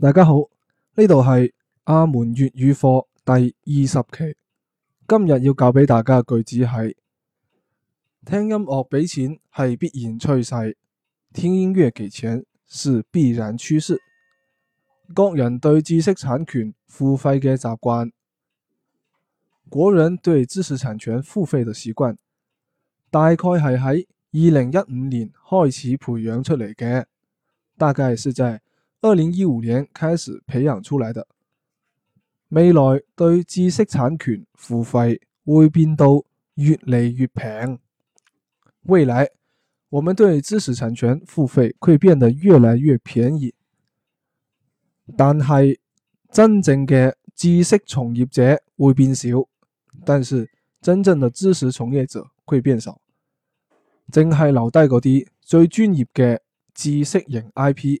大家好，呢度係阿門粵語課第二十期。今日要教俾大家句子係：聽音樂俾錢係必然趨勢。聽音樂給錢是必然趨勢。國人對知識產權付費嘅習慣，國人對知識產權付費的習慣，大概係喺二零一五年開始培養出嚟嘅。大概是在二零一五年開始培養出來的，未來對知識產權付費會變到越嚟越平。未來我們對知識產權付費會變得越嚟越便宜，但係真正嘅知識從業者會變少，但是真正的知識從業者會變少，淨係留低嗰啲最專業嘅知識型 IP。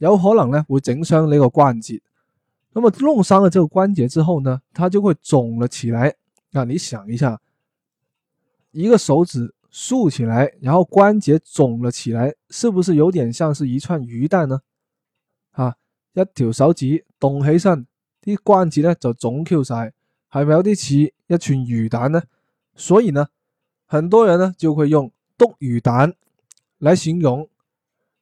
有可能呢會整傷呢個關節，那麼弄傷了這個關節之後呢，它就會腫了起來。那，你想一下，一個手指豎起來，然後關節腫了起來，是不是有點像是一串魚蛋呢？啊，一條手指動起身，啲關節呢就腫 q 晒，係咪有啲似一串魚蛋呢？所以呢，很多人呢就會用篤魚蛋來形容。